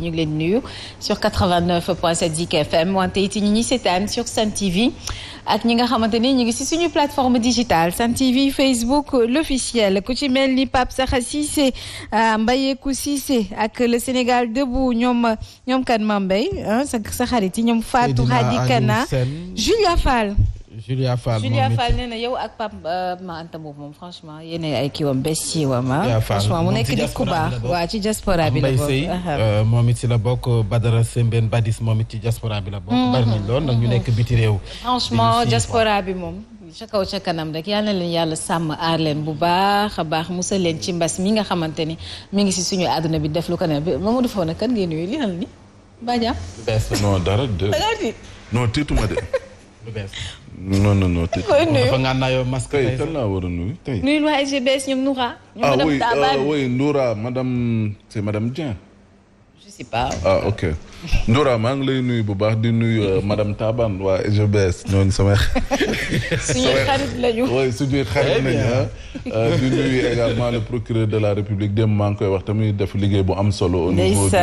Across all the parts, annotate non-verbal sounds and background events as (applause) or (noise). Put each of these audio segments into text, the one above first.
yi ñu ngi leen nuyu sur 89.7 Zik FM wante it ñu ak ñi nga xamante ni ñu ngi si suñu plateforme digitale Sen TV Facebook l'officiel ku ci mel ni Pape Sakha Cissé euh, Mbayekou Cissé ak le Sénégal debout ñoom ñoom kan Mambay sa sa xarit yi ñoom Fatou Hadi Kana Julia Julia Fall Julia Fall nee na yow ak Pape euh, Ma Anta Mbow moom franchement yéen ay kiiwam bés ci wam ah. franchement mu nekk nit ku baax waa ci diaspora bi la bokk Mbaye Seye euh, moom it si la bokk Badara Sembène Badis moom it ci diaspora bi la bokk. Mhm. bari nañ lool nag ñu nekk biti réew. franchement diaspora bi moom. ca kaw ca kanam rek yàlla sàmm aar leen bu baax a baax musal leen ci mbas mi nga xamante ni mi nga si suñu àdduna bi def lu ko ne Mamadou Fofana kan ngeen nuyu li naan ni Badiane. lu bees dara de. non tiituma de. non non non. tey dafa ngànnaayoo masque tey kan laa war a nuyu tey. nuyu waa SGBS ñoom Noura. ah oui ah, oui Noura madame c'est madame Dieng. je sais pas. ah ok. Ndoura maa ngi lay nuyu bu baax di nuyu euh, madame Taban waa SGBS ñooñ samay. suñuy xarit lañu. oui suñuy xarit lañu ah. Euh, di nuyu également le procureur de la République dem maa ngi koy wax tamit def liggéey bu am solo. au niveau du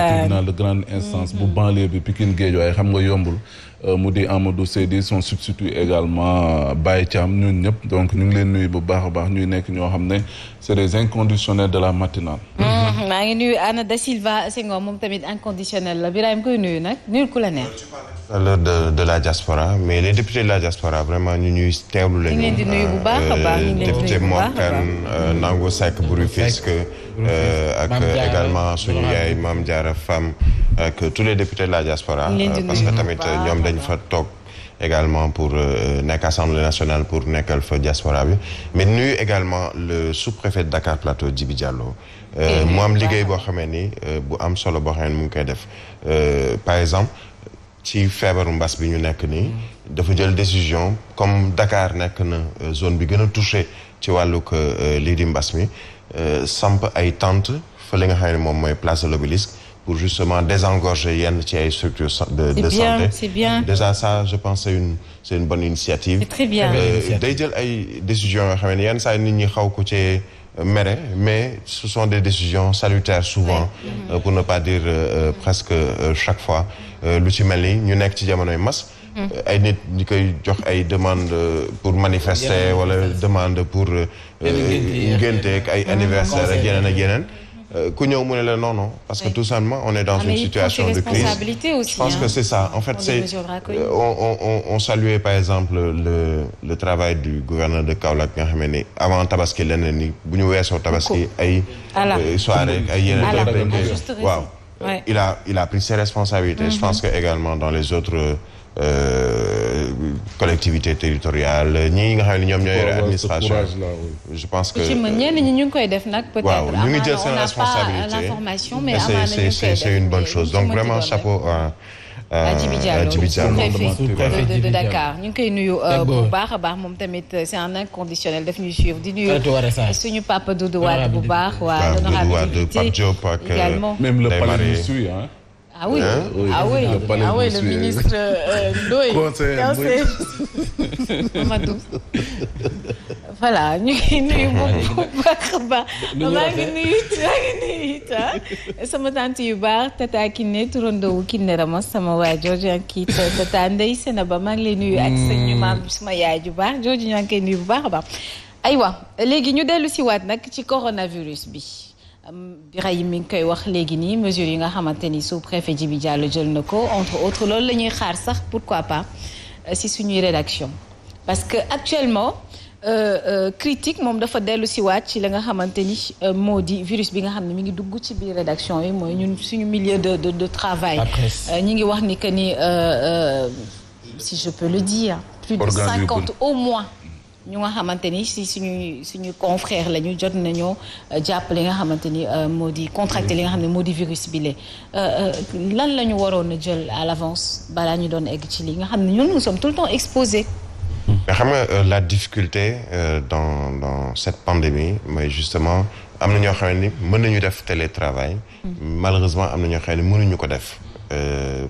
tribunal instance bu banlieue bi Pikine Guédiawaye xam nga yombul. Euh, mu di Amadou Seydi son substitut également Baye Thiam ñun ñëpp donc ñu ngi leen nuyu bu baax a baax ñuy nekk ñoo xam ne c'est des inconditionnels de la matinale. Mm. (laughs) maa ngi nuyu Anna Da Silva Senghor moom tamit inconditionnel la Birahim koy nuyu nag nuyu ku la neex. tout à l'heure de de la diaspora mais les députés de la diaspora vraiment ñu ñuy teewlu la ñu. Euh, ñu leen di nuyu bu baax a baax ñu leen député Mor Kane euh, mm-hmm. Nango Seck bu Rufisque euh, ak également suñu yaay Mame Diarra Fam ak tous les députés de la diaspora. parce que tamit ñoom dañ fa toog. également pour euh, euh, nekk assemblée nationale pour nekkal fa diaspora bi mais nuy également le sous-préfet de Dakar Plateau Djibi Diallo euh, mu am liggéey boo xamee ni bu am solo boo xamee ni mu ngi koy def par exemple ci feebaru mbas bi ñu nekk nii dafa jël décision comme Dakar nekk na zone bi gën a touché ci wàllug lii di mbas mi samp ay tente fa li nga xam ne moom mooy place de l'Obélisque pour justement désengorger yenn ci ay structures de, de bien, santé. C'est bien. Déjà je pense c'est une c'est une euh, bonne initiative. day jël ay décisions yoo xam ne yenn saa nit ñi xaw ko ci mere mais ce sont des décisions salutaires souvent oui. euh, pour ne pas dire euh, euh presque euh, chaque fois lu ci mel ni ñu nekk ci jamonoy mas mm. ay nit ñi koy jox ay demande pour manifester wala demande pour ngénte ay anniversaire ak yeneen ak yeneen Euh, ku ñëw mu ne la non non parce que tout simplement on est dans ah, une situation de crise je pense que c'est ça en fait c'est on on on saluait par exemple le le travail du gouverneur de Kaolack nga xam ne avant tabaski leneen ni bu ñu weesoo tabaski ay euh, soirée ay yeneen waaw il a il a pris ses responsabilités je mm-hmm. pense que également dans les autres Euh, collectivité territoriale ñii nga xam ne ñoom ñooy administration je pense que ñenn ñi ñu ngi koy def nag peut-être waaw ñu ngi jël seen responsabilité mais c'est une bonne chose donc vraiment chapeau a Diallo sous-préfet Dakar ñu ngi koy nuyu euh, bu baax a baax moom tamit euh, c'est un inconditionnel daf suivre di nuyu papa Doudou Wade bu baax waa l'honorable Pape Diop ak même le palais suit Ah oui, hein? Ah oui, ah oui, le, ah oui, le ministre euh, Ndoye. Mamadou. voilà ñu ngi nuyu bu baax a baax maa ngi nuyu maa ngi nuyu it ah. sama tante yu baax tata Kiné turandoowu Kiné Rama sama waa jooju ak kii tata Ndeye Sena ba maa ngi lay nuyu ak sëñ ñu hmm. maam sama yaay ju baax jooju ñaa ngi koy nuyu bu baax a baax aywa léegi ñu dellu si waat nag ci coronavirus bi Birahim mi ngi koy wax léegi nii mesures yi nga xamante ni sous préfet Djibi Diallo jël na ko entre autres loolu la ñuy xaar sax pourquoi pas euh, si suñuy rédaction parce que actuellement euh, euh, critique moom dafa dellu si waat ci la nga xamante ni moo di virus bi nga xam ne mi ngi dugg ci biir rédaction yi mooy ñun suñu milieu de de de travail ñi ngi wax ni que ni si je peux le dire plus de cinquante au moins ñu nga xamante ni si suñuy suñu confrère la ñu jot nañoo euh, jàpp li nga xamante ni euh, moo di contracté li nga xam ne moo di virus bi euh, lan la ñu waroon a jël à l'avance balaa ñu doon egg ci li nga xam ne ñun nous sommes tout le temps exposés. xam nga la difficulté dans dans cette pandémie mooy justement am na ñoo xam ne mën nañu def télétravail. Mm-hmm. malheureusement am na ñoo xam ne mënuñu ko def.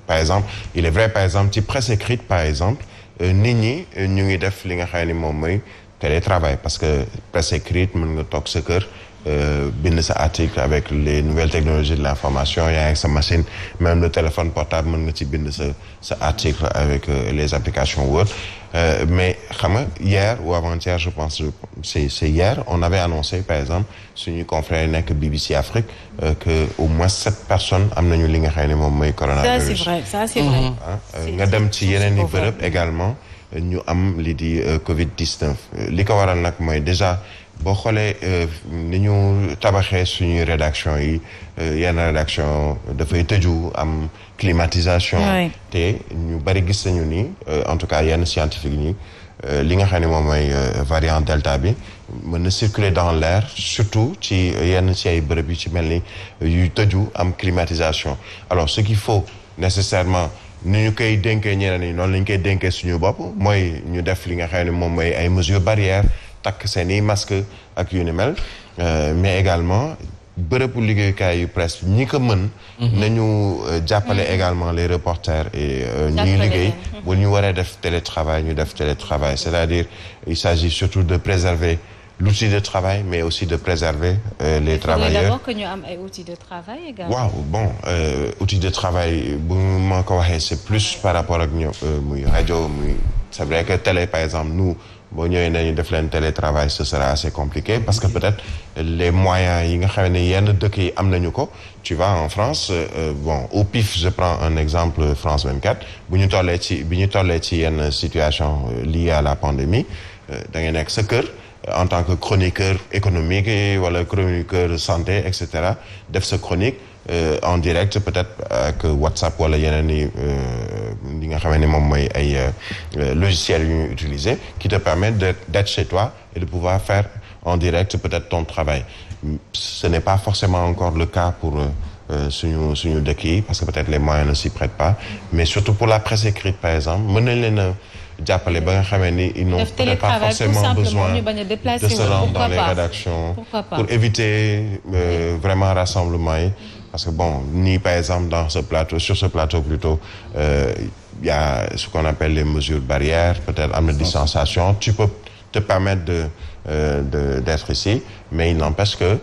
par exemple il est vrai par exemple ci presse écrite par exemple. Euh, nit ñi euh, ñu ngi def li nga xam ni moom mooy télétravail parce que presse écrite mën nga toog sa kër Euh, bind sa article avec les nouvelles technologies de l'information yaa ngi sa machine même le téléphone portable mën nga ci bind sa sa article avec euh, les applications Word euh, mais xam nga hier ou avant-hier je pense c'est c'est hier on avait annoncé par exemple suñu confrère yi nekk BBC Afrique au moins sept personnes am nañu li nga xam ne moom mooy coronavirus. Mm-hmm. Ah, nga dem ci yeneen i bërëb également ñu am li di Covid 19 li ko waral nag mooy déjà. boo xoolee euh, ni ñu tabaxee suñuy rédaction yi euh, yenn rédaction dafay tëju am climatisation te ñu bari gis nañu ni euh, en tout cas yenn scientifique ñi li nga xam ne moom mooy variant delta bi mën na circuler dans l'air surtout ci yenn ci ay bërëb yu ci mel ni yu tëju am climatisation alors ce qu'il faut nécessairement ni ñu koy dénkee ñeneen ñi noonu la koy dénkee suñu bopp mooy ñu def li nga xam ne moom mooy ay mesures barrières takk seen i masque ak yu ni mel euh, mais également bërëbu liggéeyukaay yu presse ñi ko mën mhm. nañu euh, jàppale mhm. également les reporters et euh, ñuy liggéey mhm. bu ñu waree def télétravail ñu def télétravail c'est-à-dire il s'agit surtout de préserver l'outil de travail mais aussi de préserver les travailleurs d'abord que ñu am ay outils de travail également. waaw bon bu ko waxee c'est plus par rapport ak ñoom muy rajo muy c'est vrai que télé par exemple nous boo ñëwee nañu def leen télétravail ce sera assez compliqué parce que peut-être les moyens yi nga xam ne yenn dëkk yi am nañu ko tu vas en France euh, bon au pif je prends un exemple France 24 bu ñu tollee ci bi ñu tollee ci yenn situation euh, liée à la pandémie euh, da ngay nekk sa kër euh, en tant que chroniqueur économique wala chroniqueur santé et cetera def sa chronique Euh, en direct peut-être ak WhatsApp wala yeneen i li euh, nga xamee ne moom mooy ay euh, logiciels yu ñuy utiliser qui te permettent de d'être chez toi et de pouvoir faire en direct peut-être ton travail ce n'est pas forcément encore le cas pour suñu suñu dëkk yi parce que peut-être les moyens ne s'y prêtent pas mais surtout pour la presse écrite par exemple mën nañ leen a jàppale ba nga xamee ni ils n'ont peut-être pas forcément besoin de se rendre dans les rédactions pour éviter vraiment rassemblement yi Parce que bon, ni par exemple dans ce plateau, sur ce plateau plutôt, il euh, a ce qu'on appelle les mesures barrières, peut-être amener des sensations. Tu peux te permettre d'être de, euh, de, ici, mais il n'empêche que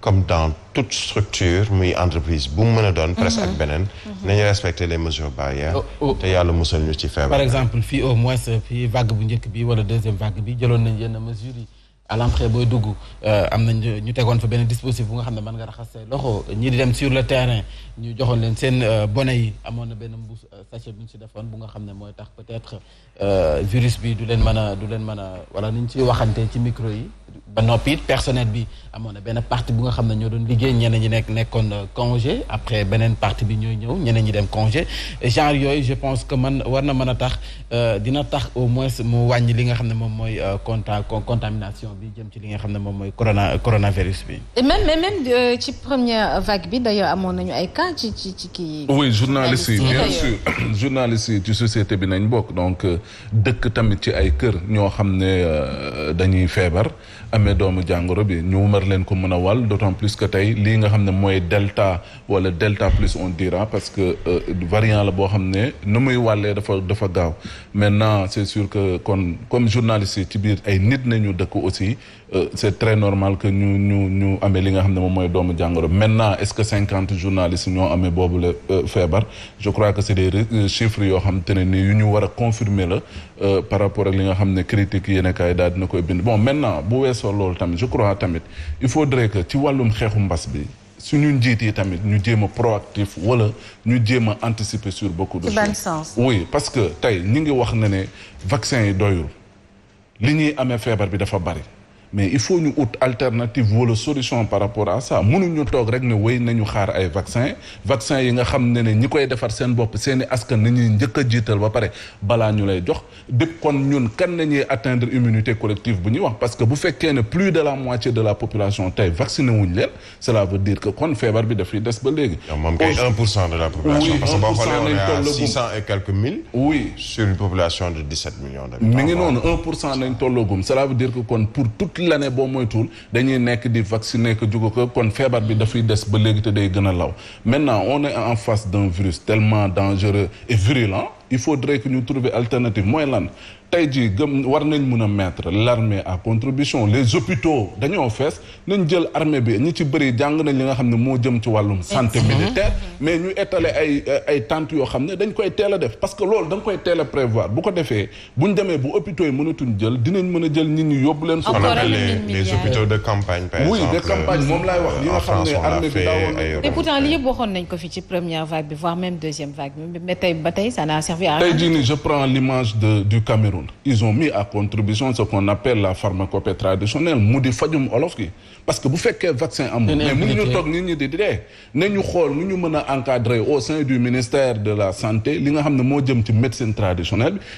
comme dans toute structure muy entreprise bu mu mën a doon. Mhm. presse ak mhm. beneen. nañu respecter les mesures barrières. Oh, oh. te yàlla musal ñu ci feebar. par exemple fii au moins fii vague bu njëkk bi wala deuxième vague bi jëloon nañ yenn mesures yi. à l'entrée booy dugg euh, am na ñu tegoon fa benn dispositif bu nga xam ne mën nga raxas say loxo ñii dem sur le terrain ñu joxoon leen seen euh, bone yi amoon na benn mbuus euh, sachet bu ñu si defoon bu nga xam ne mooy tax peut-être virus bi du leen mën a du leen mën a wala ni ñu ciy waxante ci micro yi ba noppi it personnel bi amoon na benn partie bu nga xam ne ñoo doon liggéey ñeneen ñi nekk nekkoon euh, congé après beneen partie bi ñooy ñëw ñeneen ñi dem congé genre yooyu je pense que man war na mën a tax euh, dina tax au moins mu wàññi li nga xam ne moom mooy euh, conta contamination bi jëm ci li nga xam ne moom mooy corona coronavirus bi. et même mais même ci première vague bi d'ailleurs amoon nañu ay cas ci ci ci kii. (coughs) bi nañu bokk donc dëkk tamit ci ay kër ñoo xam ne dañuy feebar. amee doomu jàngoro bi ñu war leen ko mën a wàll d'autant plus que tey lii nga xam ne mooy delta wala delta plus on dira parce que euh, variant la boo xam ne nu muy wàllee dafa dafa gaaw maintenant c'est sur que kon comme journaliste yi ci biir ay nit nañu dëkk aussi euh, c'est très normal que ñu ñu ñu amee li nga xam ne moom mooy doomu jàngoro maintenant est-ce que cinquante journalistes ñoo amee boobu la euh, feebar je que c'est des chiffres yoo xam te ne nii yu ñu war a confirmer la par rapport li nga xam ne critiques yi nekkaay daal dina koy bind bon maintenant weesoo loolu tamit je crois tamit il faudrait que ci wàllum xeexu mbas bi suñu njiit yi tamit ñu jéem a proactif wala ñu jéem a anticiper sur beaucoup de choses oui parce que tey ñu ngi wax na ne vaccin yi doyul li ñuy amee feebar bi dafa bari mais il faut ñu ut alternative wala solution par rapport à ça mënuñu toog rek ne wéy nañu xaar ay vaccin vaccin yi nga xam ne ne ñi koy defar seen bopp seen i askan nañuy njëkk a jiital ba pare balaa ñu lay jox dëpp kon ñun kan nañuy atteindre immunité collective bu ñuy wax parce que bu fekkee ne plus de la moitié de la population tey vacciné wuñ leen cela veut dire que kon feebar bi daf fi des ba léegi. moom kay 1 que boo xoolee on est à 600 et quelques mille. sur une population de 17 millions d'habitants. fii la ne boo moytuwul dañuy nekk di vacciner que jugu ko kon feebar bi dafay des ba léegi te day gën a law maintenant on est en face d'un virus tellement dangereux et virulent il faudrait que ñu trouver alternative mooy lan tey jii gëm war nañ mun a mettre l'armée à contribution les hôpitaux dañoo fees nañ jël armée bi ñi ci bëri jàng nañ li nga xam ne moo jëm ci wàllum santé militaire mais ñu étaler ay euh, ay tentes yoo xam ne dañ koy teel a def parce que loolu da koy teel a prévoir bu ko defee buñ demee bu hôpitaux yi mënatuñ jël dinañ mën a jël nit ñi yóbbu leen soxla les hôpitaux de campagne par oui de campagne moom laay wax yi nga xam ne armée bi daawoon mais pourtant nañ ko fi ci l'image de du Cameroun ils ont mis à contribution la pharmacopée traditionnelle mu di fajum olof gi parce ñi di xam ne moo jëm ci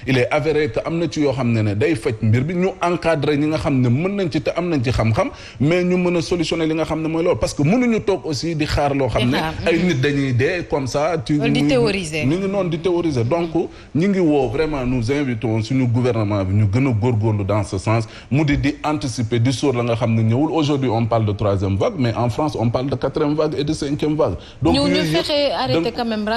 il est avéré que am na ci yoo xam ne ne day faj mbir bi ñu encadrer ñi nga xam ne mën nañ ci te am nañ ci xam-xam mais ñu mën a solutionner li nga xam ne mooy loolu parce que mënuñu toog aussi di xaar loo xam ne ay nit dañuy dee comme ça tu ñu ngi di théoriser donc ñi ngi woo vraiment nous invitons suñu gouvernement bi ñu gën a dans ce sens mu di di anticiper di sóor la xam ne ñëwul aujourd'hui on parle de troisième vague mais en France on parle de quatrième vague et de cinquième vague. donc ñu ñu fexe